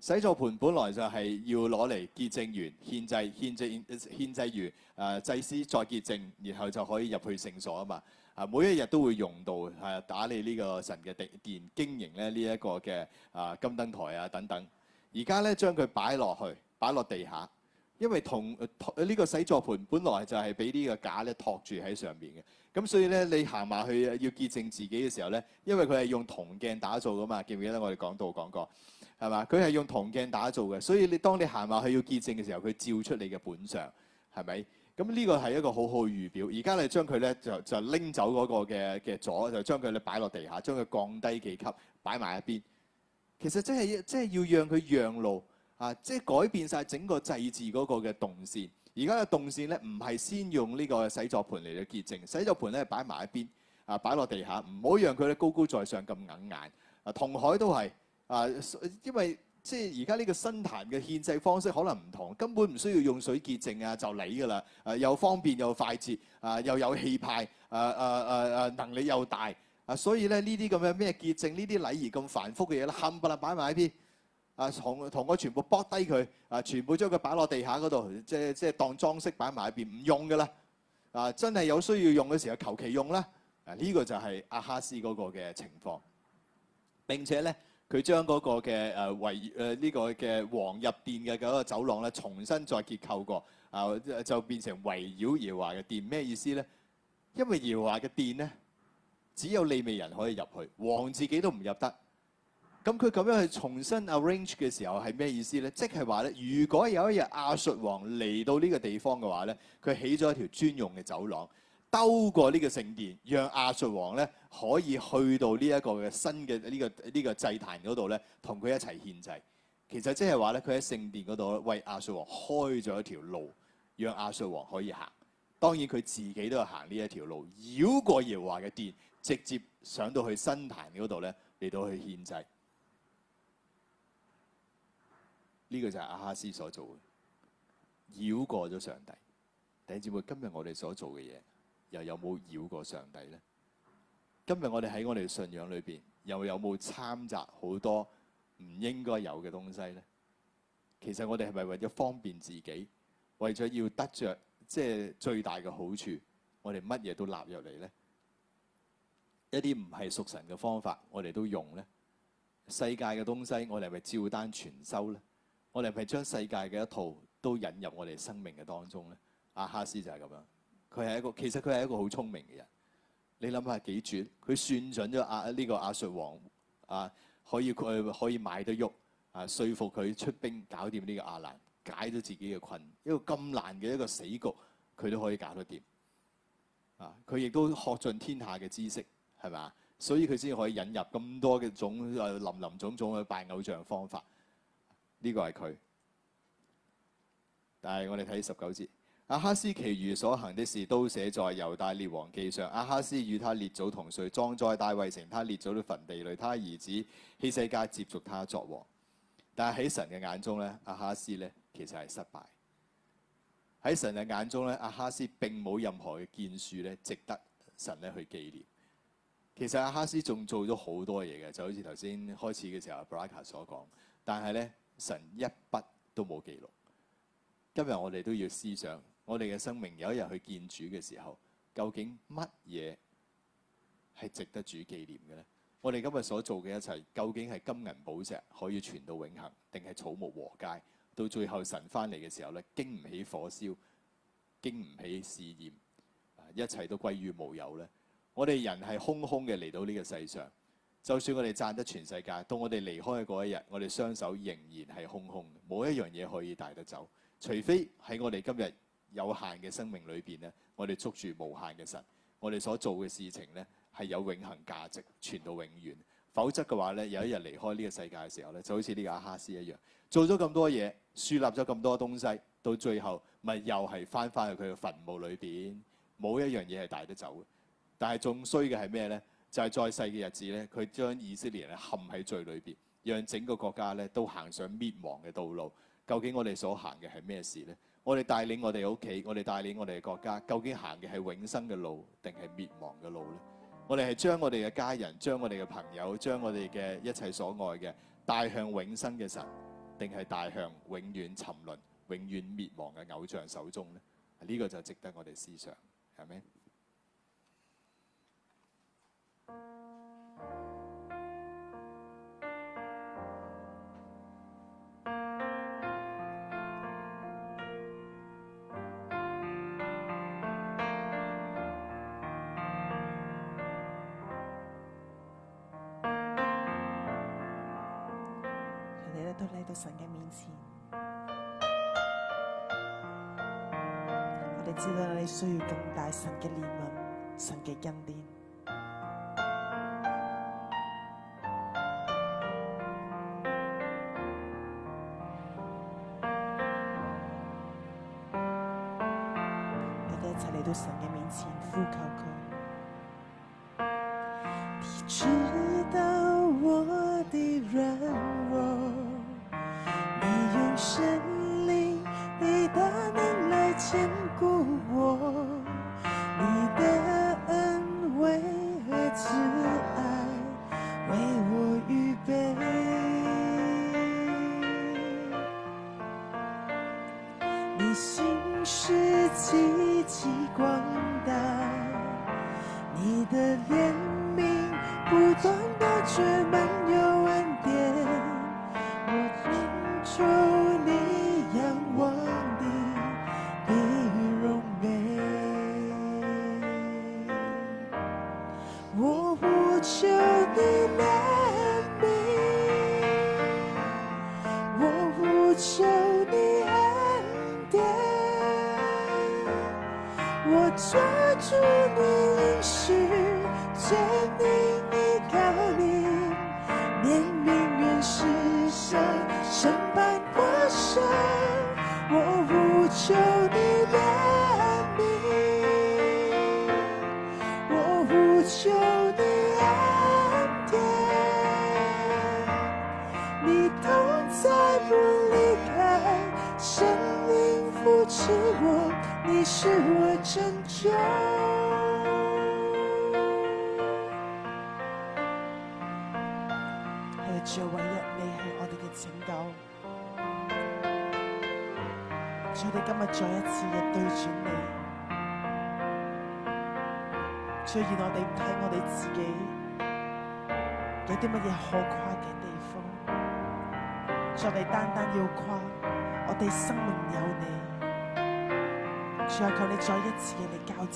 [SPEAKER 1] 洗座盤本來就係要攞嚟潔淨完獻祭、獻祭、獻祭完誒、啊、祭司再潔淨，然後就可以入去聖所啊嘛。啊，每一日都會用到係、啊、打理呢個神嘅電經營咧呢一個嘅啊金燈台啊等等。而家咧將佢擺落去擺落地下，因為銅呢、這個洗座盤本來就係俾呢個架咧托住喺上面嘅，咁所以咧你行埋去要潔淨自己嘅時候咧，因為佢係用銅鏡打造㗎嘛，記唔記得我哋講到講過？係嘛？佢係用銅鏡打造嘅，所以你當你行下去要潔淨嘅時候，佢照出你嘅本相，係咪？咁呢個係一個很好好預表。而家你將佢咧就就拎走嗰個嘅嘅座，就將佢咧擺落地下，將佢降低幾級，擺埋一邊。其實即係真係要讓佢讓路啊！即係改變晒整個祭祀嗰個嘅動線。而家嘅動線咧唔係先用呢個洗作盤嚟到潔淨，洗作盤咧擺埋一邊啊，擺落地下，唔好讓佢咧高高在上咁硬眼啊！銅海都係。啊，因為即係而家呢個新壇嘅獻祭方式可能唔同，根本唔需要用水潔淨啊，就嚟㗎啦。誒、啊，又方便又快捷，啊，又有氣派，誒誒誒誒，能力又大啊，所以咧呢啲咁樣咩潔淨呢啲禮儀咁繁複嘅嘢咧，冚唪唥擺埋一邊，啊，同同我全部剝低佢，啊，全部將佢擺落地下嗰度，即即係當裝飾擺埋一邊，唔用㗎啦。啊，真係有需要用嘅時候求其用啦。啊，呢、呢個就係阿哈斯嗰個嘅情況。並且咧。佢將嗰個嘅誒圍誒呢、這個嘅王入殿嘅嗰個走廊咧，重新再結構過啊，就變成圍繞耶和華嘅殿。咩意思咧？因為耶和華嘅殿咧，只有利未人可以入去，王自己都唔入得。咁佢咁樣去重新 arrange 嘅時候係咩意思咧？即係話咧，如果有一日亞述王嚟到呢個地方嘅話咧，佢起咗一條專用嘅走廊。兜過呢個聖殿，讓亞述王咧可以去到呢一個嘅新嘅呢個呢個祭壇嗰度咧，同佢一齊獻祭。其實即係話咧，佢喺聖殿嗰度咧，為亞述王開咗一條路，讓亞述王可以行。當然佢自己都係行呢一條路，繞過耶和華嘅殿，直接上到去新壇嗰度咧，嚟到去獻祭。呢、這個就係亞哈斯所做嘅，繞過咗上帝。弟兄姊妹，今日我哋所做嘅嘢。又有冇繞過上帝呢？今日我哋喺我哋信仰裏邊，又有冇參雜好多唔應該有嘅東西呢？其實我哋係咪為咗方便自己，為咗要得著即係最大嘅好處，我哋乜嘢都納入嚟呢？一啲唔係屬神嘅方法，我哋都用呢？世界嘅東西，我哋係咪照單全收呢？我哋係咪將世界嘅一套都引入我哋生命嘅當中呢？阿哈斯就係咁樣。佢係一個其實佢係一個好聰明嘅人，你諗下幾絕？佢算準咗亞呢個亞述王啊，可以佢可以買得喐啊，說服佢出兵搞掂呢個亞蘭，解咗自己嘅困。一個咁難嘅一個死局，佢都可以搞得掂啊！佢亦都學盡天下嘅知識，係咪？所以佢先可以引入咁多嘅種林林總總去拜偶像方法。呢、呢個係佢，但係我哋睇十九節。阿哈斯其餘所行的事都寫在猶大列王記上。阿哈斯與他列祖同睡，葬在大衛城他列祖的墳地裏。他兒子希西家接續他作王。但係喺神嘅眼中咧，阿哈斯咧其實係失敗。喺神嘅眼中咧，阿哈斯並冇任何嘅建樹咧，值得神咧去紀念。其實阿哈斯仲做咗好多嘢嘅，就好似頭先開始嘅時候阿布拉卡所講。但係咧，神一筆都冇記錄。今日我哋都要思想。我哋嘅生命有一日去見主嘅時候，究竟乜嘢係值得主紀念嘅咧？我哋今日所做嘅一切，究竟係金銀寶石可以存到永恆，定係草木禾芥？到最後神翻嚟嘅時候咧，經唔起火燒，經唔起試驗，啊，一切都歸於無有咧！我哋人係空空嘅嚟到呢個世上，就算我哋賺得全世界，到我哋離開嘅嗰一日，我哋雙手仍然係空空，冇一樣嘢可以帶得走，除非喺我哋今日。有限嘅生命裏邊咧，我哋捉住無限嘅神，我哋所做嘅事情咧，係有永恆價值，傳到永遠。否則嘅話咧，有一日離開呢個世界嘅時候咧，就好似呢個亞哈斯一樣，做咗咁多嘢，樹立咗咁多東西，到最後咪又係翻返去佢嘅墳墓裏邊，冇一樣嘢係帶得走嘅。但係仲衰嘅係咩呢？就係在世嘅日子咧，佢將以色列人咧陷喺罪裏邊，讓整個國家咧都行上滅亡嘅道路。究竟我哋所行嘅係咩事呢？我哋帶領我哋屋企，我哋帶領我哋嘅國家，究竟行嘅係永生嘅路，定係滅亡嘅路呢？我哋係將我哋嘅家人，將我哋嘅朋友，將我哋嘅一切所愛嘅帶向永生嘅神，定係帶向永遠沉淪、永遠滅亡嘅偶像手中呢？呢個就值得我哋思想，係咪？
[SPEAKER 2] 嚟到神嘅面前，我哋知道你需要更大神嘅憐憫，神嘅恩典。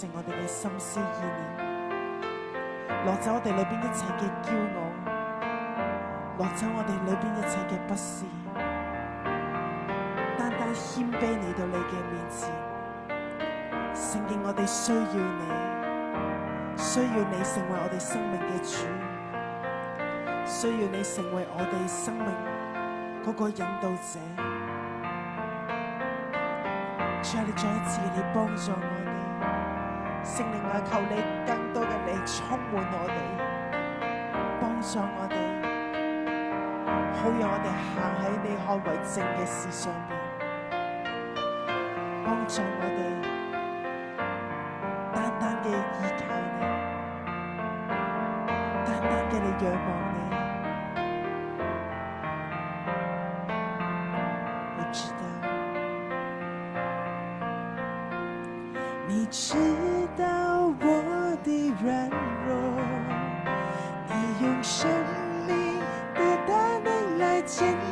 [SPEAKER 2] 成我哋嘅心思意念，攞走我哋裏邊一切嘅驕傲，攞走我哋裏邊一切嘅不是，單單謙卑你到你嘅面前。承認我哋需要你，需要你成為我哋生命嘅主，需要你成為我哋生命嗰個引導者。求你再一次，你幫助我。聖靈啊，求你更多嘅力充滿我哋，幫助我哋，好讓我哋行喺你看為正嘅事上。你知道
[SPEAKER 3] 我的軟弱，你用生命的大能來堅固。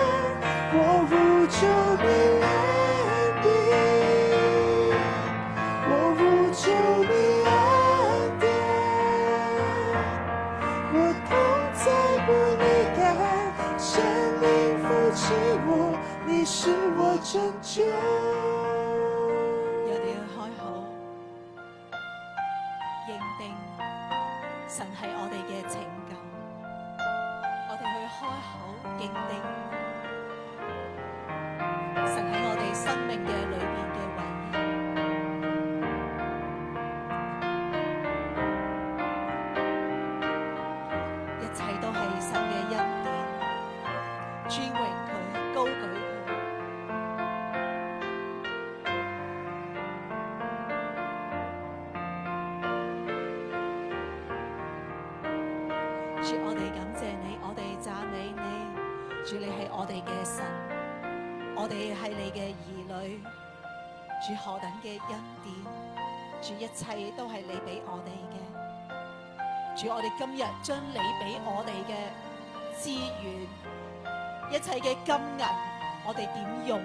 [SPEAKER 4] 一切都係你俾我哋嘅，主，我哋今日將你俾我哋嘅資源，一切嘅金銀，我哋點用呢？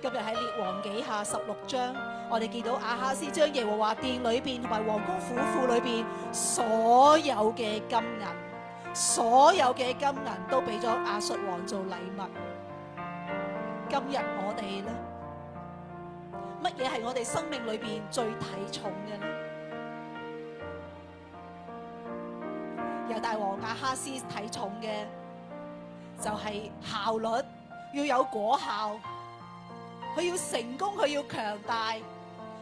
[SPEAKER 4] 今日喺列王記下十六章，我哋見到亞哈斯將耶和華殿裏邊同埋王宮府庫裏邊所有嘅金銀，所有嘅金銀都俾咗亞述王做禮物。今日我哋呢？乜嘢係我哋生命裏邊最睇重嘅咧？由大王亞哈斯睇重嘅就係效率，要有果效，佢要成功，佢要強大，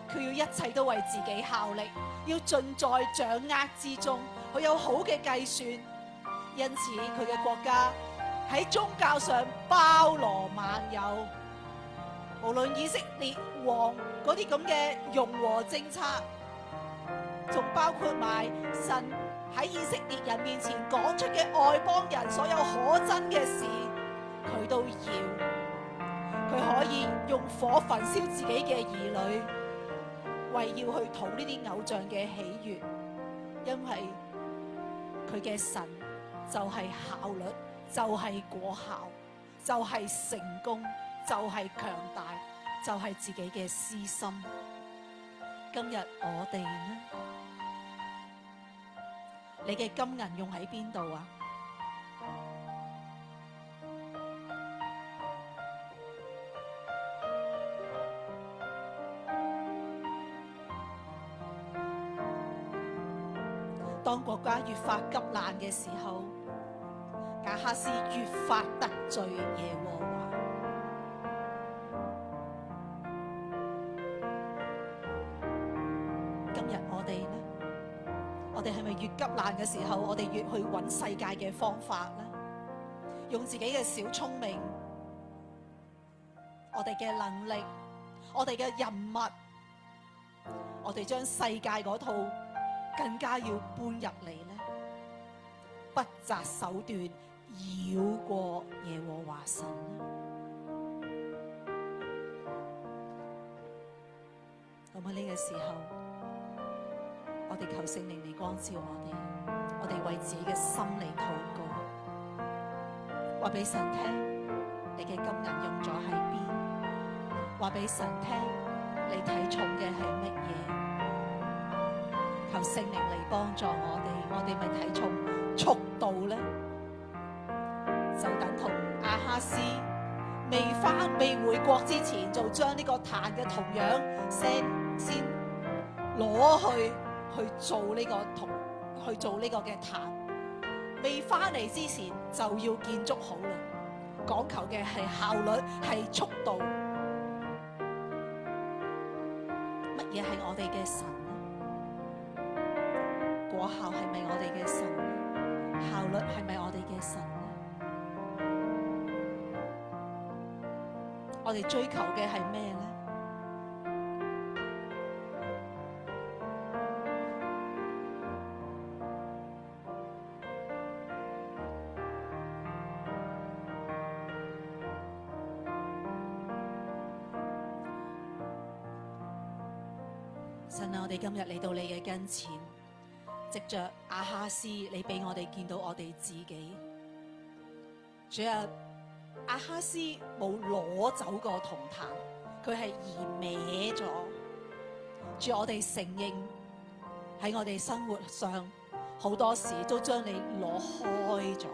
[SPEAKER 4] 佢要一切都為自己效力，要盡在掌握之中，佢有好嘅計算，因此佢嘅國家喺宗教上包羅萬有。無論以色列王嗰啲咁嘅融和政策，仲包括埋神喺以色列人面前講出嘅外邦人所有可憎嘅事，佢都要。佢可以用火焚燒自己嘅兒女，為要去討呢啲偶像嘅喜悅，因為佢嘅神就係效率，就係、是、果效，就係、是、成功。就係強大，就係自己嘅私心。今日我哋呢？你嘅金銀用喺邊度啊？當國家越發急難嘅時候，亞哈斯越發得罪耶和華。你係咪越急難嘅時候，我哋越去揾世界嘅方法咧？用自己嘅小聰明，我哋嘅能力，我哋嘅人物，我哋將世界嗰套更加要搬入嚟咧？不擇手段繞過耶和華神咁喺呢個時候。我哋求聖靈嚟光照我哋，我哋為自己嘅心理禱告，話俾神聽，你嘅金銀用咗喺邊？話俾神聽，你睇重嘅係乜嘢？求聖靈嚟幫助我哋，我哋咪睇重速度咧？就等同阿哈斯未翻未回未國之前，就將呢個壇嘅圖樣先先攞去。去做呢個同去做呢個嘅壇，未返嚟之前就要建築好啦。講求嘅係效率，係速度。乜嘢係我哋嘅神呢？果效係咪我哋嘅神？效率係咪我哋嘅神？我哋追求嘅係咩呢？今日嚟到你嘅跟前，藉着阿哈斯，你俾我哋見到我哋自己。主啊，阿哈斯冇攞走個銅壇，佢係移歪咗。主，我哋承認喺我哋生活上好多時都將你攞開咗。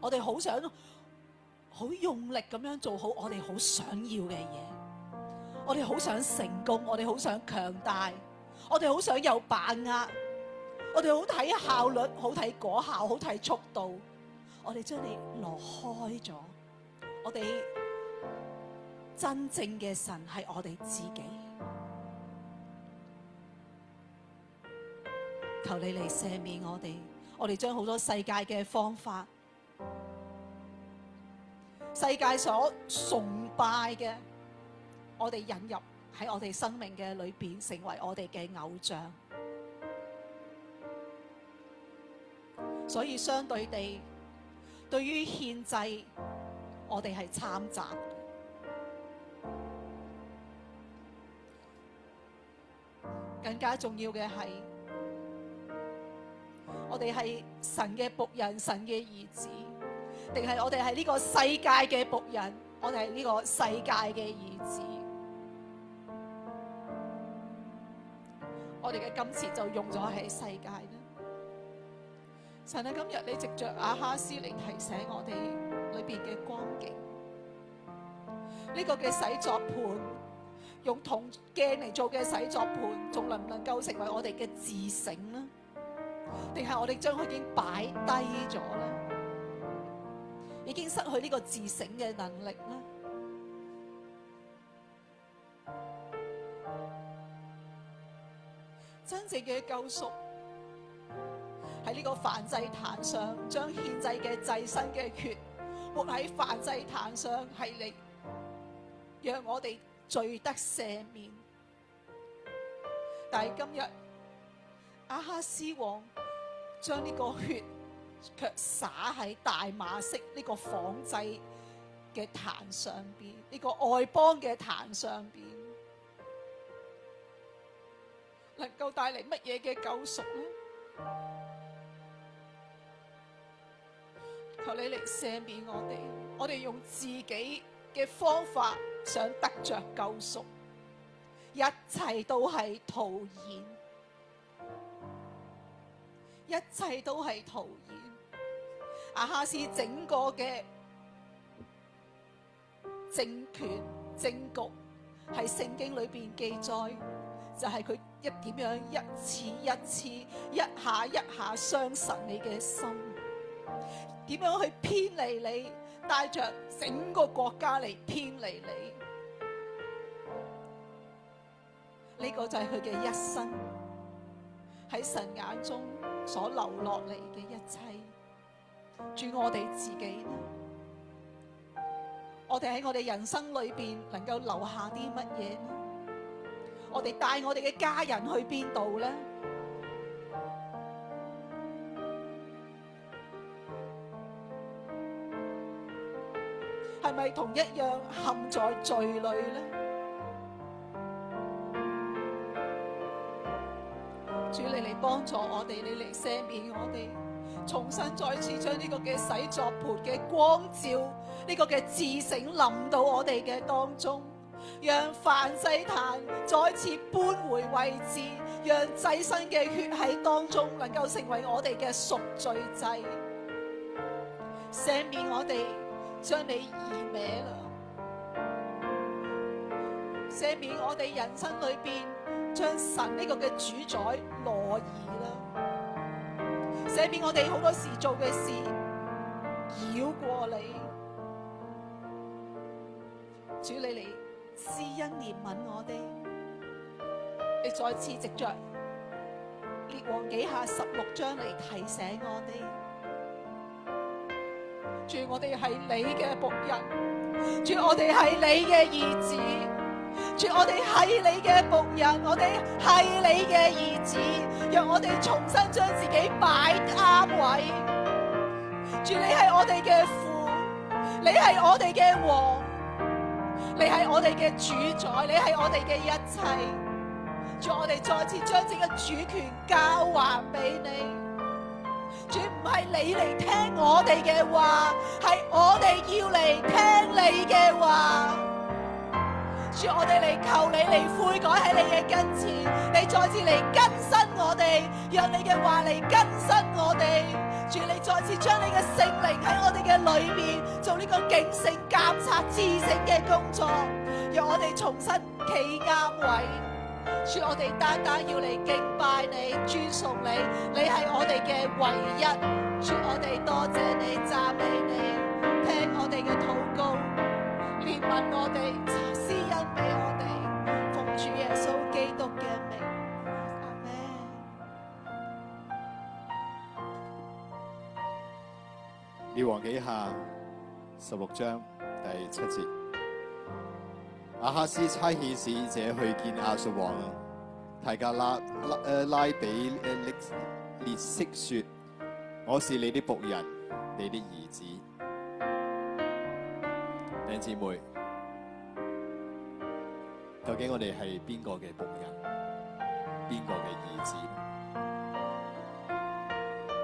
[SPEAKER 4] 我哋好想，好用力咁樣做好我哋好想要嘅嘢。我哋好想成功，我哋好想強大，我哋好想有把握，我哋好睇效率，好睇果效，好睇速度。我哋將你挪開咗，我哋真正嘅神係我哋自己。求你嚟赦免我哋，我哋將好多世界嘅方法、世界所崇拜嘅。我哋引入喺我哋生命嘅裏邊，成為我哋嘅偶像。所以相對地，對於獻祭，我哋係摻雜。更加重要嘅係，我哋係神嘅僕人，神嘅兒子，定係我哋係呢個世界嘅僕人，我哋係呢個世界嘅兒子。我哋嘅金錢就用咗喺世界啦。神啊，今日你藉著亞哈斯嚟提醒我哋裏邊嘅光景。呢、這個嘅洗濯盤，用銅鏡嚟做嘅洗濯盤，仲能唔能夠成為我哋嘅自省呢？定係我哋將佢已經擺低咗啦？已經失去呢個自省嘅能力啦？真正嘅救贖喺呢個燔祭壇上，將獻祭嘅祭牲嘅血，活喺燔祭壇上係令讓我哋罪得赦免。但係今日阿哈斯王將呢個血卻灑喺大馬色呢個仿製嘅壇上邊，呢、這個外邦嘅壇上邊。能夠帶嚟乜嘢嘅救贖呢？求你嚟赦免我哋，我哋用自己嘅方法想得着救贖，一切都係徒然，一切都係徒然。亞哈斯整個嘅政權、政局，喺聖經裏邊記載。就係、是、佢一點樣一次一次一下一下傷實你嘅心，點樣去偏離你，帶着整個國家嚟偏離你？呢、這個就係佢嘅一生喺神眼中所流落嚟嘅一切。住我哋自己呢，我哋喺我哋人生裏邊能夠留下啲乜嘢呢？我哋帶我哋嘅家人去邊度咧？係咪同一樣陷在罪裏咧？主，你嚟幫助我哋，你嚟赦免我哋，重新再次將呢個嘅洗濯盆嘅光照，呢、這個嘅自醒臨到我哋嘅當中。讓燔祭壇再次搬回位置，讓祭牲嘅血喺當中能夠成為我哋嘅贖罪祭，赦免我哋將你移歪啦，赦免我哋人生裏邊將神呢個嘅主宰挪移啦，赦免我哋好多時做嘅事繞過你，處理你。你施恩憐憫我哋，你再次藉着列王紀下十六章嚟提醒我哋，主，我哋係你嘅僕人，主，我哋係你嘅兒子，主，我哋係你嘅僕人，我哋係你嘅兒子，讓我哋重新將自己擺啱位，主，你係我哋嘅父，你係我哋嘅王。你係我哋嘅主宰，你係我哋嘅一切。主，我哋再次將自己嘅主權交還俾你。主，唔係你嚟聽我哋嘅話，係我哋要嚟聽你嘅話。主，我哋嚟求你嚟悔改喺你嘅跟前，你再次嚟更新我哋，讓你嘅話嚟更新我哋。主，你再次將你嘅聖靈喺我哋嘅裏面做呢個警醒、監察、自省嘅工作，讓我哋重新企啱位。主，我哋單單要嚟敬拜你、尊崇你，你係我哋嘅唯一。主，我哋多謝你讚美你，聽我哋嘅禱告，憐憫我哋，查經。
[SPEAKER 1] 列王紀下十六章第七節，亞哈斯差遣使者去見亞述王，提加拉拉誒拉比列列色說：我是你的僕人，你的兒子。弟兄姊妹，究竟我哋係邊個嘅僕人？邊個嘅兒子？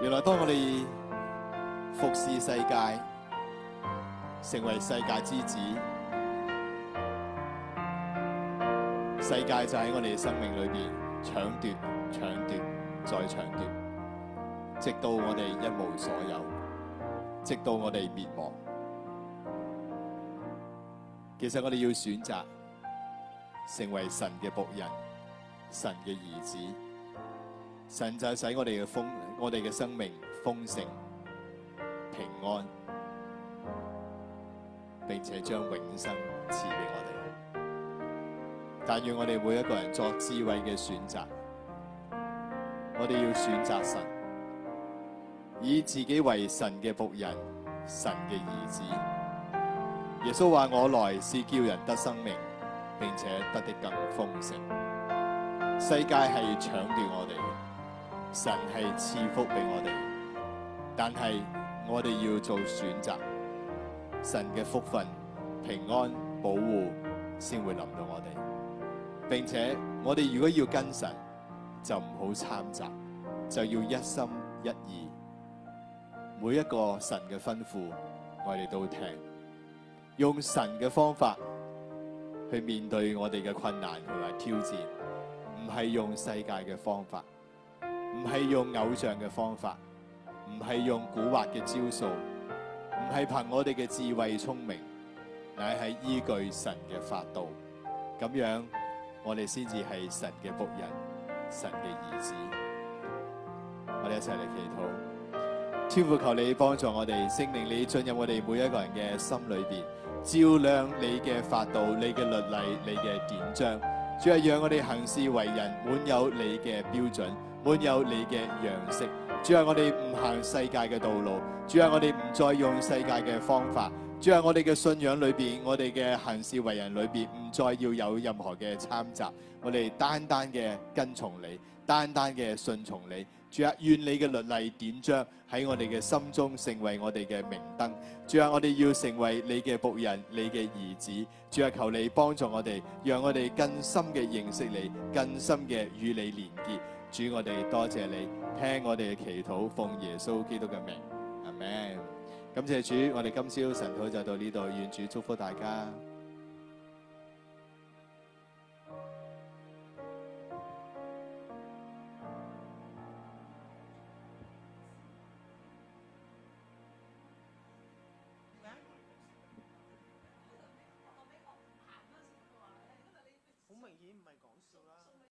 [SPEAKER 1] 原來當我哋。服侍世界，成為世界之子。世界就喺我哋嘅生命裏面搶奪、搶奪、再搶奪，直到我哋一無所有，直到我哋滅亡。其實我哋要選擇成為神嘅僕人、神嘅兒子，神就使我哋嘅豐，我哋嘅生命豐盛。平安，並且將永生賜俾我哋。但願我哋每一個人作智慧嘅選擇，我哋要選擇神，以自己為神嘅僕人，神嘅兒子。耶穌話：我來是叫人得生命，並且得的更豐盛。世界係搶奪我哋，神係賜福俾我哋，但係。我哋要做選擇，神嘅福分、平安、保護先會臨到我哋，並且我哋如果要跟神，就唔好參雜，就要一心一意。每一個神嘅吩咐，我哋都聽，用神嘅方法去面對我哋嘅困難同埋挑戰，唔係用世界嘅方法，唔係用偶像嘅方法。唔係用古惑嘅招數，唔係憑我哋嘅智慧聰明，乃係依據神嘅法度。咁樣我哋先至係神嘅僕人，神嘅兒子。我哋一齊嚟祈禱，天父求你幫助我哋，聖靈你進入我哋每一個人嘅心裏邊，照亮你嘅法度、你嘅律例、你嘅典章。主啊，讓我哋行事為人，滿有你嘅標準，滿有你嘅樣式。主啊，我哋唔行世界嘅道路；主啊，我哋唔再用世界嘅方法；主啊，我哋嘅信仰裏邊，我哋嘅行事為人裏邊，唔再要有任何嘅參雜；我哋單單嘅跟從你，單單嘅順從你。主啊，願你嘅律例典章喺我哋嘅心中成為我哋嘅明燈。主啊，我哋要成為你嘅僕人，你嘅兒子。主啊，求你幫助我哋，讓我哋更深嘅認識你，更深嘅與你連結。主我哋多謝你聽我哋嘅祈禱，奉耶穌基督嘅名，阿門，感謝主，我哋今朝神討就到呢度，願主祝福大家。